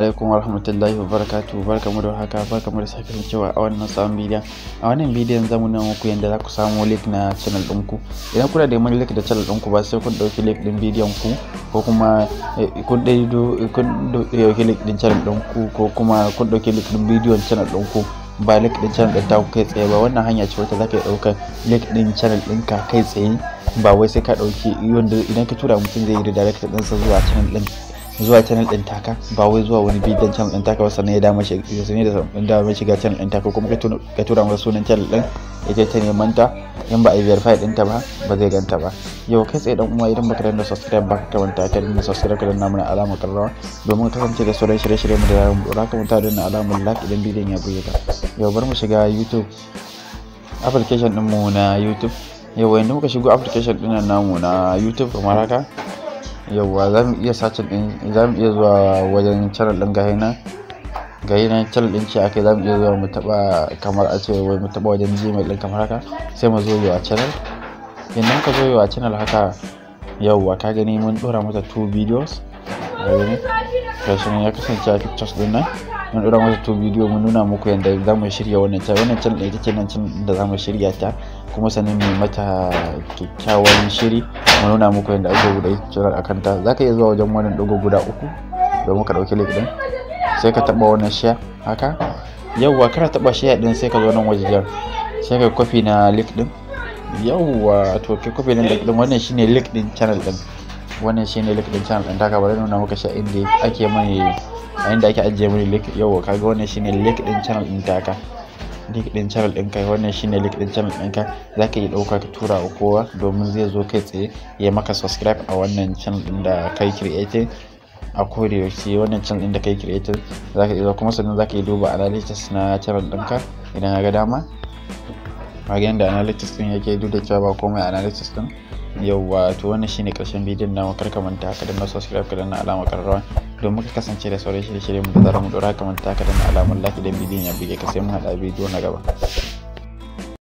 alaikum warahmatullahi wabarakatuh barkamu da haka barkamu da sake cewa a wannan sabon bidiyon a wannan bidiyon zamu nuna muku yadda za ku samu link na channel ku idan kuna da mai link da channel ku ba sai kun ɗauki link din bidiyon ku eh, ko kuma kun ɗauki link ɗin channel ku ko kuma kun ɗauki link din bidiyon channel ku ba link ɗin channel ta ku kai tsaye ba wannan hanya ce wata za ka dauka link ɗin channel ka kai tsaye ba wai sai ka ɗauki wanda idan ka tura mutum zai yi da direct sa zuwa channel ɗin zuwa channel din taka ba wai zuwa wani bidiyon channel din taka ba sannan ya dama shiga sannan da dama shiga channel din taka kuma ka tura masa sunan channel din ya je ta neman ta in ba a verify din ta ba ba zai ganta ba yau kai tsaye dan uwa idan baka da subscribe ba ka manta ka danna subscribe ka danna mana alamar karrawa domin ka kasance da sauran shirye-shirye mu da zamu dora ka manta danna alamar like idan bidiyon ya buge ka yau bar mu shiga YouTube application din mu na YouTube yau wanda muka shigo application din namu na YouTube kamar haka yauwa za mu iya sacin din za mu iya zuwa wajen channel din gahina gahina channel din ce akai za mu iya zuwa mu taba kamar a ce wai mu taba wajen gmail din kamar haka sai mu zo yawa channel idan ka zo yawa channel haka yauwa ka gani mun dora mata two videos ga gani ya kasance a pictures din nan mun ɗora masa to bidiyo mun nuna muku yadda za mu shirya wannan can wannan can ita ce nan can da za mu shirya ta kuma sanin mai mata kyakkyawan shiri mun nuna muku yadda ake buɗe a akan ta za ka iya zuwa wajen wannan dogo guda uku domin ka ɗauki link ɗin sai ka taɓa wannan shiya haka yawwa kana taɓa shiya ɗin sai ka zo nan wajen sai ka kwafi na link ɗin yawwa to ka kwafi na link ɗin wannan shine link ɗin channel ɗin wannan shine link ɗin channel ɗin ta bari nuna muka sha inda ake mai a inda ake ajiye mini link yau kaga wannan shine link din channel din taka link din channel din kai wannan shine link din channel din ka zaka yi dauka ka tura wa kowa domin zai zo kai tsaye ya maka subscribe a wannan channel din da kai creating a koda yaushe wannan channel din da kai creating zaka yi kuma sannan zaka yi duba analytics na channel ka idan ga dama ga yanda analytics din yake duk da cewa ba komai analytics din yauwa to wannan shine karshen bidiyon na kar ka manta ka danna subscribe ka danna alamar karrawa domin ka kasance da sauran shirye shirye mu da zaran mu dora kamar taka da alamun laki da bidiyon ya buge ka sai mu haɗa bidiyo na gaba